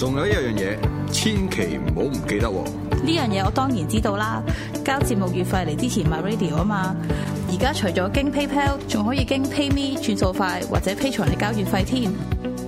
仲有一樣嘢，千祈唔好唔記得喎！呢樣嘢我當然知道啦，交節目月費嚟支持 MyRadio 啊嘛！而家除咗經 PayPal，仲可以經 PayMe 轉數快，或者 Patreon 嚟交月費添。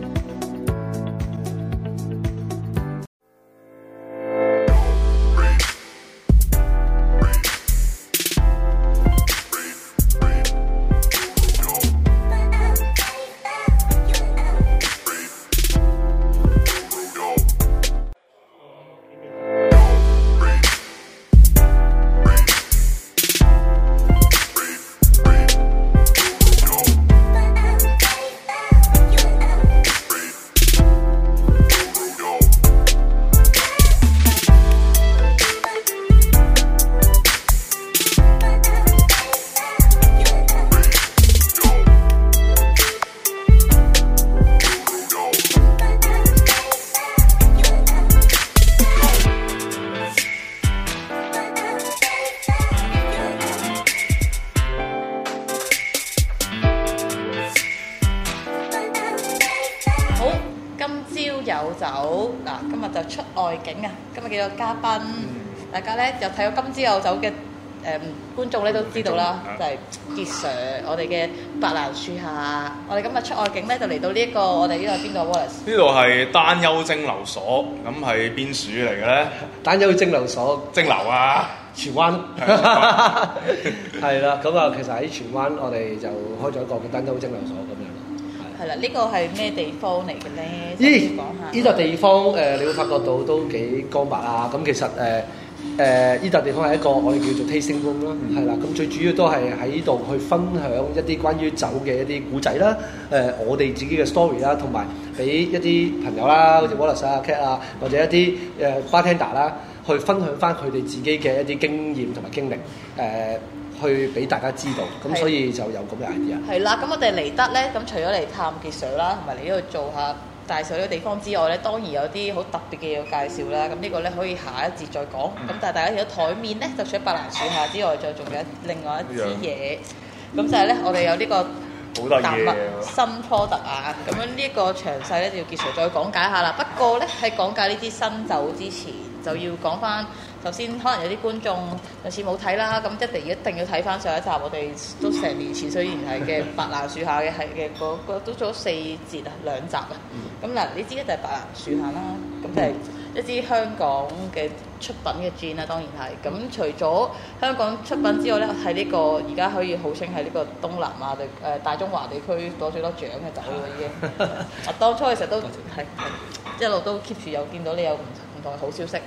走嗱，今日就出外景啊！今日幾個嘉賓，大家咧就睇到今朝有酒嘅誒觀眾咧都知道啦，就係 Kit Sir，我哋嘅白蘭樹下，我哋今日出外景咧就嚟到呢一個我哋呢度邊度？Wallace 呢度係丹丘蒸留所，咁係邊處嚟嘅咧？丹丘蒸留所，蒸留啊，荃灣係啦，咁啊，其實喺荃灣我哋就開咗一個嘅丹丘蒸留所咁樣。係啦，呢個係咩地方嚟嘅咧？講下呢度地方，誒、 呃，你會發覺到都幾光白啊！咁、嗯、其實，誒、呃，誒，呢度地方係一個我哋叫做 tasting room 啦、嗯，係啦、嗯。咁最主要都係喺度去分享一啲關於酒嘅一啲古仔啦，誒、呃，我哋自己嘅 story 啦，同埋俾一啲朋友啦，好似、嗯、Wallace 啊、cat 啊，或者一啲誒 bartender 啦，呃、bart ender，去分享翻佢哋自己嘅一啲經驗同埋經歷，誒、呃。去俾大家知道，咁所以就有咁嘅 idea。係啦，咁我哋嚟得咧，咁除咗嚟探 Kit Sir 啦，同埋嚟呢度做下大水嘅地方之外咧，當然有啲好特別嘅嘢介紹啦。咁呢個咧可以下一節再講。咁但係大家見到台面咧，就除咗白蘭樹下之外，再仲有另外一枝嘢。咁就係咧，我哋有呢個好大嘅新 product 啊。咁樣呢一個詳細咧就要 Kit Sir 再講解下啦。不過咧喺講解呢啲新酒之前，就要講翻。首先，可能有啲觀眾時有似冇睇啦，咁一定一定要睇翻上一集。我哋都成年前雖然係嘅白蘭樹下嘅係嘅嗰個都做咗四節啊，兩集啊。咁嗱、嗯，呢支就係白蘭樹下啦。咁就一支香港嘅出品嘅氈啦，當然係。咁除咗香港出品之外咧，喺呢、這個而家可以號稱係呢個東南亞地誒大中華地區攞最多獎嘅酒咯，已經。我當初其實都係、嗯、一路都 keep 住有見到你有唔唔同嘅好消息。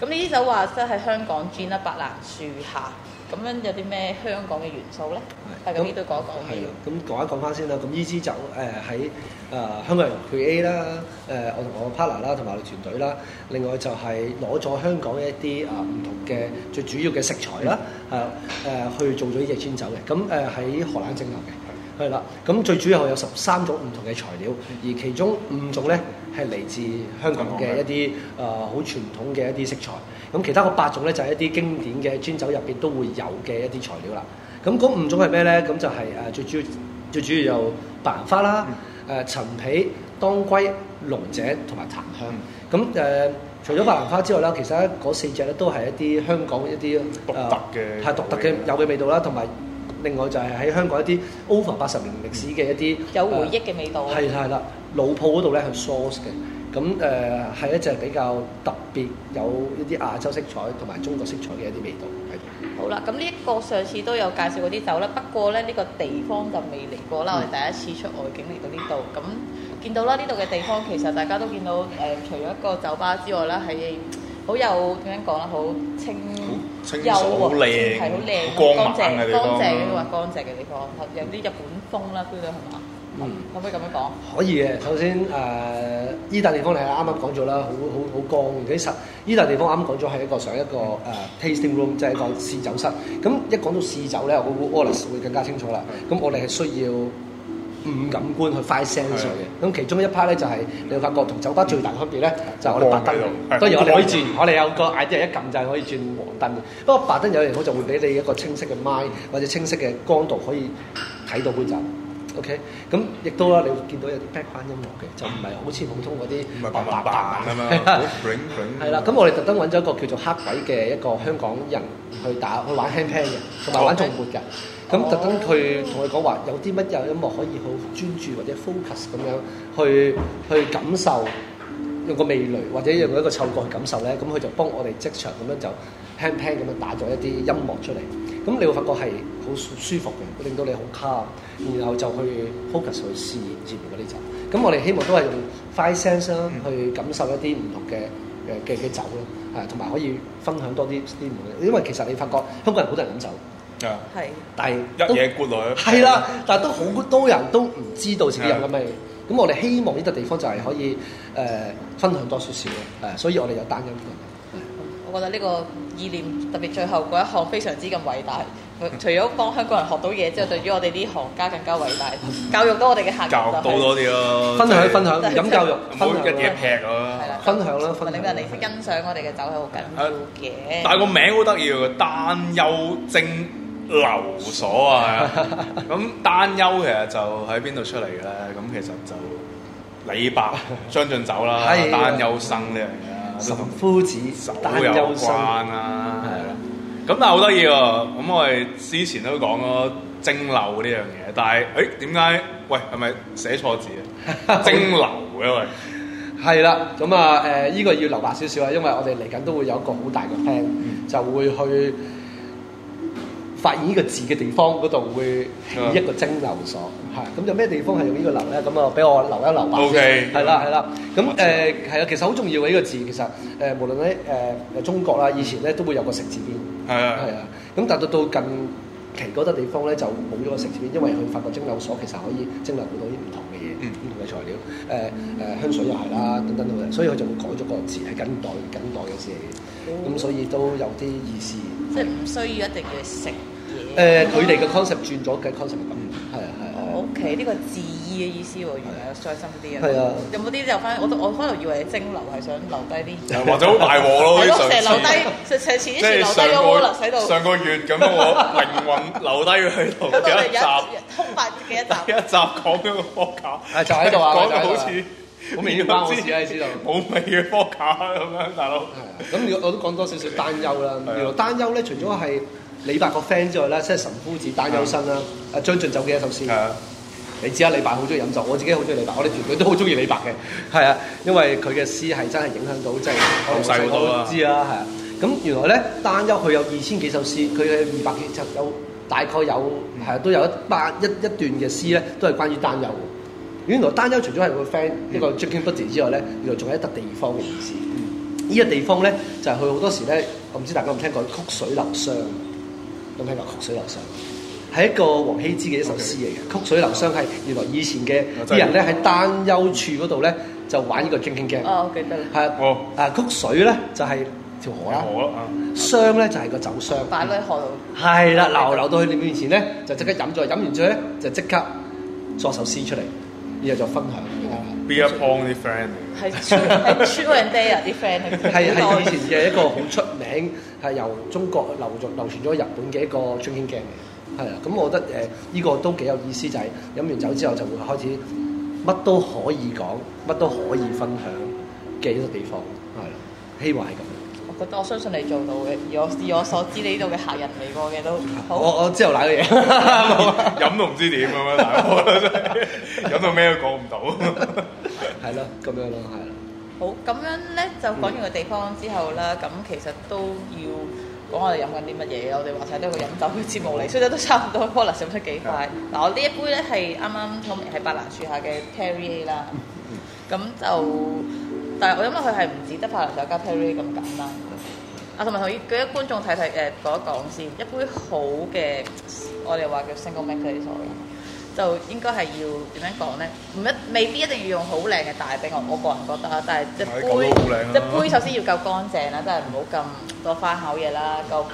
咁呢啲酒話真係香港氈啦，白蘭樹下，咁樣有啲咩香港嘅元素咧？係咁，講一講翻先啦。咁呢支酒誒喺啊香港人配 A 啦，誒我同我 partner 啦，同埋我團隊啦。另外就係攞咗香港一啲啊唔同嘅最主要嘅食材啦，誒誒去做咗呢隻氈酒嘅。咁誒喺荷蘭蒸嚟嘅，係啦。咁最主要有十三種唔同嘅材料，而其中五種咧。係嚟自香港嘅一啲誒好傳統嘅一啲食材。咁其他八種咧就係一啲經典嘅氈酒入邊都會有嘅一啲材料啦。咁嗰五種係咩咧？咁就係誒最主要最主要有白蘭花啦、誒陳皮、當歸、龍井同埋檀香。咁誒除咗白蘭花之外啦，其實嗰四隻咧都係一啲香港一啲獨特嘅係獨特嘅有嘅味道啦，同埋另外就係喺香港一啲 over 八十年歷史嘅一啲有回憶嘅味道。係啦，係啦。老鋪嗰度咧係 source 嘅，咁誒係一隻比較特別，有一啲亞洲色彩同埋中國色彩嘅一啲味道喺度。好啦，咁呢一個上次都有介紹嗰啲酒啦，不過咧呢個地方就未嚟過啦，我哋第一次出外景嚟到呢度，咁見到啦呢度嘅地方，其實大家都見到誒，除咗一個酒吧之外啦，係好有點樣講啦，好清幽啊，係好靚，乾淨嘅地方，有啲日本風啦，叫做係嘛。嗯，可唔可以咁樣講？可以嘅，首先誒，依笪地方你係啱啱講咗啦，好好好光。其實依笪地方啱啱講咗係一個上一個誒 tasting room，即係一個試酒室。咁一講到試酒咧，我會 Alice 會更加清楚啦。咁我哋係需要五感官去 fine sense 佢嘅。咁其中一 part 咧就係你會發覺同酒吧最大嘅分別咧就係我哋白燈，不如我哋可以轉，我哋有個 idea 一撳就係可以轉黃燈。不過白燈有嘢好就會俾你一個清晰嘅 mind，或者清晰嘅光度可以睇到杯酒。OK，咁亦都啦，嗯、你會見到有啲 background 音樂嘅，就唔係好似普通嗰啲。唔係白白扮啊啦，咁我哋特登揾咗一個叫做黑鬼嘅一個香港人去打去玩 handpan 嘅，同埋玩重活嘅。咁、oh，哦、特登佢同佢講話，有啲乜嘢音樂可以好專注或者 focus 咁樣去去，去感受，用個味蕾或者用一個嗅覺去感受咧。咁佢就幫我哋即場咁樣就 handpan 咁樣打咗一啲音樂出嚟。咁你會發覺係好舒舒服嘅，令到你好卡，嗯、然後就去 focus 去試入面嗰啲酒。咁我哋希望都係用 five senses、啊嗯、去感受一啲唔同嘅誒嘅嘅酒咯，係同埋可以分享多啲啲唔同嘅，因為其實你發覺香港人好多人飲酒啊，係的，但係一嘢灌落去係啦，但係都好多人都唔知道自己飲緊咩。咁的我哋希望呢個地方就係可以誒、呃、分享多少少，誒、啊，所以我哋有單人。我覺得呢個意念特別最後嗰一項非常之咁偉大。除咗幫香港人學到嘢之後，對於我哋啲行家更加偉大，教育到我哋嘅客。教育多啲咯，分享分享，飲教育，分一碟劈咯，分享啦，分享。你哋識欣賞我哋嘅酒係好緊要嘅，但係個名好得意，丹丘蒸留所」啊。咁丹丘其實就喺邊度出嚟嘅咧？咁其實就李白將進酒啦，丹丘生呢。嘢。岑夫子，丹丘生啊，係啦的。咁 但係好得意喎。咁我哋之前都講咗蒸餾呢樣嘢，但係誒點解？喂，係咪寫錯字 蒸啊？蒸餾嘅喂，係啦、啊。咁啊誒，依、這個要留白少少啊，因為我哋嚟緊都會有一個好大嘅廳，就會去。發現呢個字嘅地方嗰度會起一個蒸餾所，嚇咁有咩地方係用呢個流咧？咁啊，俾我留一留先，OK，係啦，係啦。咁誒係啊，其實好重要嘅呢個字，其實誒無論喺誒誒中國啦，以前咧都會有個食字邊，係啊，係啊。咁但到到近期嗰笪地方咧就冇咗個食字邊，因為佢發覺蒸餾所其實可以蒸餾到到啲唔同嘅嘢，唔同嘅材料。誒誒，香水又係啦，等等，所以佢就會改咗個字，係近代近代嘅事嚟嘅。咁所以都有啲意思，即係唔需要一定嘅食。誒佢哋嘅 concept，轉咗嘅 concept 咁，係啊係啊。O K，呢個字意嘅意思喎，原來再深啲啊。係啊。有冇啲就翻？我我可能以為你蒸留係想留低啲，或者好大鑊咯。成日留低，上次上次以前留低個鑊啦，上個月咁我幸運留低佢同一集，空白嘅一集，一集講咗個框架，係就喺度講到好似面目之類，知道冇味嘅框架咁樣，大佬。係啊。咁我都講多少少擔憂啦。係啊。原來擔憂咧，除咗係。李白個 friend 之外咧，即係岑夫子《丹丘生》啦的。阿、啊、將進酒嘅一首詩，的你知啊，李白好中意飲酒，我自己好中意李白，我哋團隊都好中意李白嘅。係啊，因為佢嘅詩係真係影響到，即係我細我都知啊，係啊，咁原來咧《丹丘佢有二千幾首詩，佢有二百幾集，有大概有係、嗯、都有一百一一段嘅詩咧，都係關於《丹丘。原來丹《丹丘除咗係個 friend 一個 Joking Buddy 之外咧，原來仲有一笪地方嘅意思。呢笪、嗯、地方咧就係佢好多時咧，我唔知大家有冇聽過《曲水流觴》。咁喺《曲水流觴》，係一個王羲之嘅一首詩嚟嘅。曲 Okay. 水流觴係原來以前嘅啲、就是、人咧喺丹丘處嗰度咧就玩呢個 drinking game。哦，我記得啦。係啊，啊曲、oh. 水咧就係、是、條河啦，河啦。觴、uh, 咧就係、是、個酒觴，擺喺、嗯、河度。係啦，流流到去你面前咧就即刻飲咗。飲完之後咧就即刻作首詩出嚟，然後就分享。Be a only friend，係 True and Dare 啲 friend，係係以前嘅一個好出名，係由中國流傳流傳咗日本嘅一個 drinking game 嘅，係啊，咁我覺得誒呢個都幾有意思，就係飲完酒之後就會開始乜都可以講，乜都可以分享嘅一個地方，係希望係咁。覺得我相信你做到嘅，而我以我所知你呢度嘅客人嚟過嘅都，我我之後攬嘢，飲都唔知點咁樣，飲到咩都講唔到，係咯，咁樣咯，係咯。好，咁樣咧就講完個地方之後啦，咁其實都要講下我飲緊啲乜嘢。我哋話曬都係飲酒嘅節目嚟，所以都差唔多。可能飲得幾快？嗱，我呢一杯咧係啱啱我喺白蘭樹下嘅 Terry 啦，咁就，但係我諗佢係唔止得白蘭樹加 Terry 咁簡單。啊，同埋同依，叫啲觀眾睇睇誒，講一講、呃、先說一說。一杯好嘅，我哋話叫 single malt 座就應該係要點樣講咧？唔一未必一定要用好靚嘅大杯，我我個人覺得啦。但係一杯一杯，哎啊、杯首先要夠乾淨啦，真係唔好咁多翻口嘢啦，夠。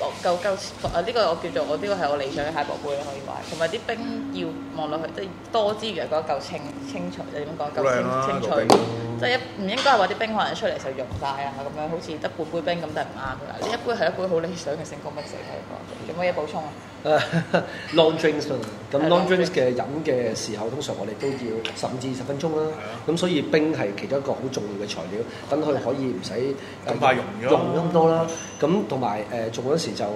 哦，夠夠啊！呢個我叫做我呢個係我理想嘅蟹薄杯，你可以買，同埋啲冰要望落去，即係多之餘係嗰一嚿清清脆，你點講？清清脆，即係一唔應該係話啲冰可能出嚟就融溶曬啊咁樣，好似得半杯冰咁都係唔啱噶。呢一杯係一杯好理想嘅成功筆寫喺嗰度。有冇嘢補充啊？Long drinks 啊，咁 long drinks 嘅飲嘅時候通常我哋都要十五至二十分鐘啦。咁所以冰係其中一個好重要嘅材料，等佢可以唔使咁快溶咗溶咁多啦。咁同埋誒做嗰時。就誒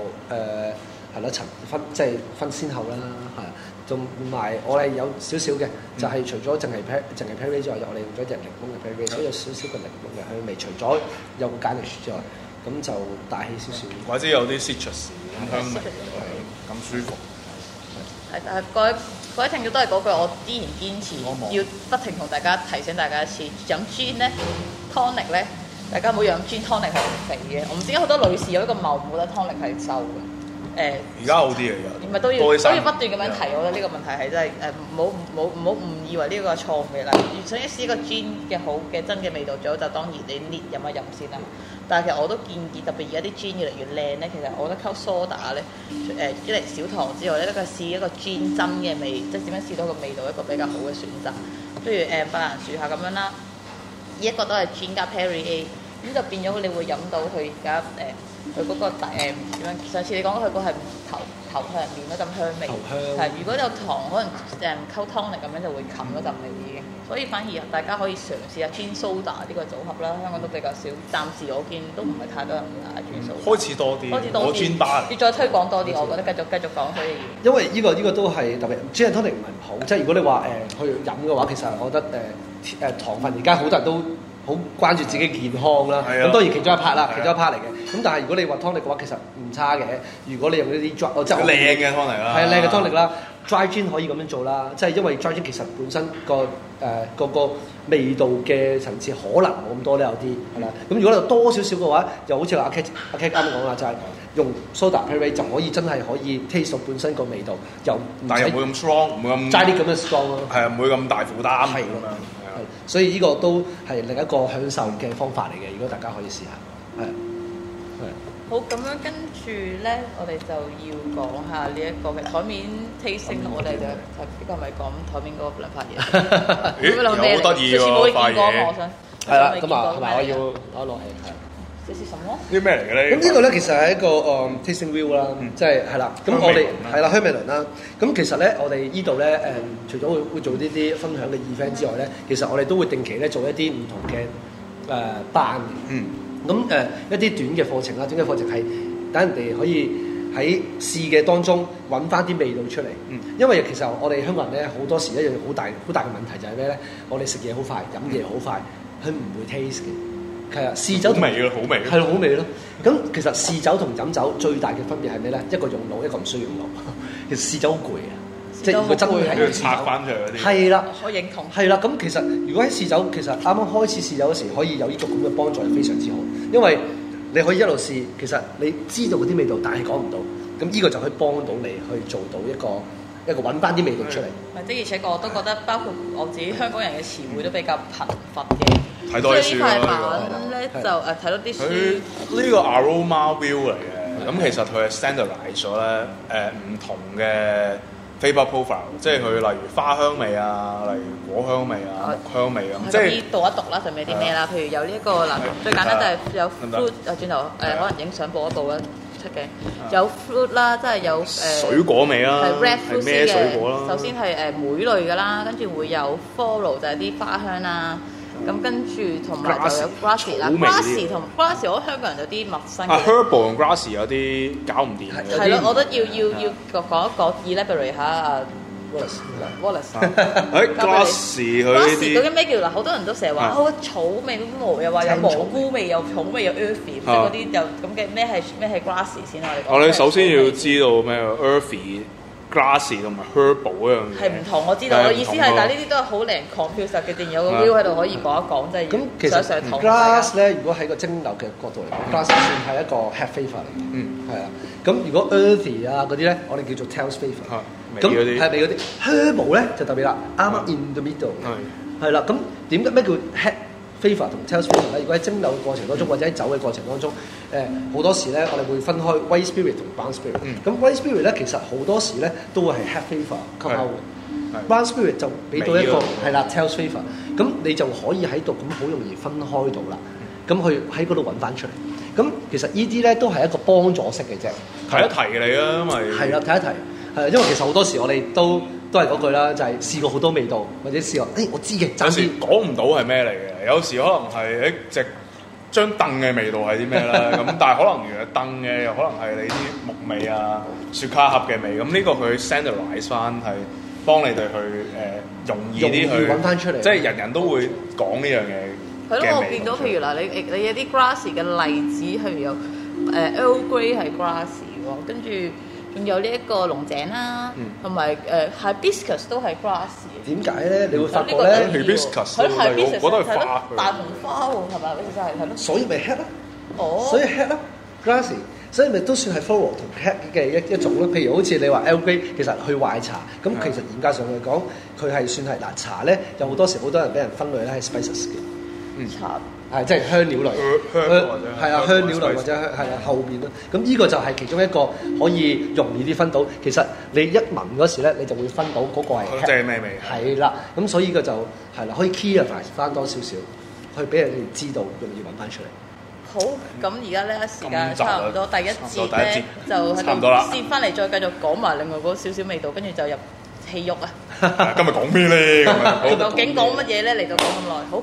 係咯，層、呃啊、分即係分先後啦，嚇、啊。同埋我哋有少少嘅，嗯、就係除咗淨係淨係 pari 之外，有我哋用咗啲人工嘅 pari，所以有少少嘅靈動嘅香味。除咗有個壓力之外，咁就大氣少少。或者有啲 citrus 咁香嘅，咁是、嗯、舒服。係啊是、呃，各位各位聽眾都係嗰句，我依然堅持到要不停同大家提醒大家一次，飲 gin 咧，tonic 咧。Ton 大家唔好飲氈湯力係肥嘅，我唔知點解好多女士有一個謬，冇得湯力係瘦嘅。誒，而家好啲嚟㗎，而家唔係都要，都要不斷咁樣提。我覺得呢個問題係真係誒，唔好唔好唔好誤以為呢個錯誤嘅啦。想一試個氈嘅好嘅真嘅味道，最好就當然你啜飲一飲先啦。但係其實我都建議，特別而家啲氈越嚟越靚咧，其實我覺得溝梳打咧誒，一嚟少糖之外咧，一個試一個氈真嘅味，即係點樣試到個味道，一個比較好嘅選擇。不如誒，白蘭樹下咁樣啦，依一個都係氈加 Perrier 咁就變咗你會飲到佢而家誒，佢、呃、嗰、嗰個誒點樣？上次你講嗰個係頭頭香入面嗰陣香味，係香。如果有糖，可能誒溝湯力咁樣就會冚嗰陣味嘅。嗯、所以反而大家可以嘗試下氈蘇打呢個組合啦，香港都比較少。暫時我見都唔係太多人樣嗌，氈開始多啲，開始多我氈巴。你再推廣多啲，始我覺得繼續繼續講可以。因為呢、呢個呢、呢個都係特別，氈湯力唔係唔好。即係如果你話誒、呃、去飲嘅話，其實我覺得誒誒糖分而家好多人都。好關注自己健康啦，咁當然其中一 part 啦，其中一 part 嚟嘅。咁但係如果你話湯力嘅話，其實唔差嘅。如果你用呢啲 dry 好靚嘅湯力啦，係靚嘅湯力啦。dry gin 可以咁樣做啦，即係因為 dry gin 其實本身個誒嗰個味道嘅層次可能冇咁多咧，有啲係啦。咁如果你多少少嘅話，又好似阿 Kit 阿 Kit 啱啱講啊，就係用 soda perrier 就可以真係可以 taste 到本身個味道又唔係唔會咁 strong，唔會咁齋啲咁嘅 strong 咯，係啊，唔會咁大負擔。係㗎嘛。所以呢個都係另一個享受嘅方法嚟嘅，如果大家可以試下，係，係。好，咁樣跟住咧，我哋就要講下呢一個嘅台面 tasting，面我哋就呢個咪講台面嗰兩塊嘢。 咦，好得意？從未見過，我想。係啦的，咁啊，係咪我要攞落嚟？要呢啲咩嚟嘅咧？咁呢個咧，其實係一個誒、um, tasting wheel 啦、嗯，即係係啦。咁、嗯嗯、我哋係啦，嗯、了香味輪啦。咁、嗯、其實咧，我哋呢度咧誒，除咗會會做呢啲分享嘅 event 之外咧，其實我哋都會定期咧做一啲唔同嘅誒班。呃、嗯。咁誒、呃、一啲短嘅課程啦，短嘅課程係等人哋可以喺試嘅當中揾翻啲味道出嚟。嗯。因為其實我哋香港人咧，好多時一樣好大好大嘅問題就係咩咧？我哋食嘢好快，飲嘢好快，佢唔會 taste 嘅。係啊，試酒好味咯，好味，係咯，好味咯。咁 其實試酒同飲酒最大嘅分別係咩咧？一個用腦，一個唔需要用腦。 其實試酒好攰啊，即係佢真係要拆翻出嗰啲。係啦了，我認同。係啦，咁其實如果喺試酒，其實啱啱開始試酒嗰時候，可以有呢個咁嘅幫助，就非常之好。因為你可以一路試，其實你知道嗰啲味道，但係講唔到。咁呢個就可以幫到你去做到一個。一個揾翻啲味道出嚟。係的，而且我都覺得，包括我自己香港人嘅詞彙都比較貧乏嘅。睇多啲書啦。呢塊板咧就誒睇多啲書。呢個 aroma view 嚟嘅，咁其實佢係 standardize 咗咧誒唔同嘅 flavour profile，即係佢例如花香味啊，例如果香味啊、木香味啊，即係讀一讀啦，上面有啲咩啦？譬如有呢一個嗱，最簡單就係有 food，轉頭可能影相播一播啦。嘅有 fruit 啦，即係有誒水果味啦，係咩水果啦？首先係誒莓類嘅啦，跟住會有 flow 就係啲花香啦。咁跟住同埋就有 grassy 啦，grassy 同 grassy 我覺得香港人有啲陌生嘅。啊，herbal 同 grassy 有啲搞唔掂。係咯，我覺得要要要講一講 elaborate 下啊。Wallace，Wallace，Grassy，佢呢啲，嗰啲咩叫嗱？好多人都成日話，草味、咁毛又話有蘑菇味、又草味、有 Earthy，嗰啲又咁嘅咩係咩係 Grassy 先啊？我哋首先要知道咩？Earthy、Grassy 同埋 Herbal 嗰樣嘢係唔同，我知道。意思係，但係呢啲都係好零 confusing 嘅，仲有喺度可以講一講，即係咁其實。堂。Grassy 咧，如果喺個蒸餾嘅角度嚟講，Grassy 算係一個 Head flavour 嚟嘅，嗯係啊。咁如果 Earthy 啊嗰啲咧，我哋叫做 Tail flavour。咁係咪嗰啲 herbal 咧就特別啦？啱啱 in the middle 係係啦。咁點解咩叫 head flavour 同 tail flavour 咧？如果喺蒸餾嘅過程當中，或者喺走嘅過程當中，誒好多時咧，我哋會分開 white spirit 同 brown spirit。咁 white spirit 咧，其實好多時咧都會係 head flavour 吸下嘅，brown spirit 就俾到一個係啦 tail flavour。咁你就可以喺度咁好容易分開到啦。咁去喺嗰度揾翻出嚟。咁其實呢啲咧都係一個幫助式嘅啫。提一提你啦，因為係啦，提一提。係，因為其實好多時我哋都都係嗰句啦，就係、是、試過好多味道，或者試過，誒、哎，我知嘅。就算講唔到係咩嚟嘅，有時可能係一隻張凳嘅味道係啲咩啦。咁 但係可能如果凳嘅又可能係你啲木味啊、雪茄盒嘅味，咁、這、呢個佢 standardize 翻係幫你哋去誒、呃、容易啲去揾翻出嚟。即係人人都會講呢樣嘢。係咯、嗯，我見到譬如嗱，你你有啲 grass 嘅例子係有誒 Earl Grey 係 grass 喎，跟住。有呢一個龍井啦，同埋誒係 biscuits 都係 grass 嘅。點解咧？你會發覺咧，佢 biscuits，佢係 b i s c u s 我覺係花大紅花喎，係嘛？好似就係係咯，所以咪 head 咯，所以 head 咯，grass，所以咪都算係 f o l l 同 h e a 嘅一一種咯。譬如好似你話 L.G. 其實去懷茶咁，其實嚴格上嚟講，佢係算係嗱茶咧，有好多時好多人俾人分類咧係 spices 嘅茶，係，即係香料類，係啊，香料類或者係啊後邊咯。咁依個就係其中一個可以容易啲分到。其實你一聞嗰時咧，你就會分到嗰個係。即係咩味？係啦，咁所以呢個就係啦，可以 key 翻翻多少少，去俾人哋知道，容易揾翻出嚟。好，咁而家呢個時間差唔多，第一節咧就先翻嚟，再繼續講埋另外嗰少少味道，跟住就入戲肉啊。今日講咩咧？究竟講乜嘢咧？嚟到講咁耐，好。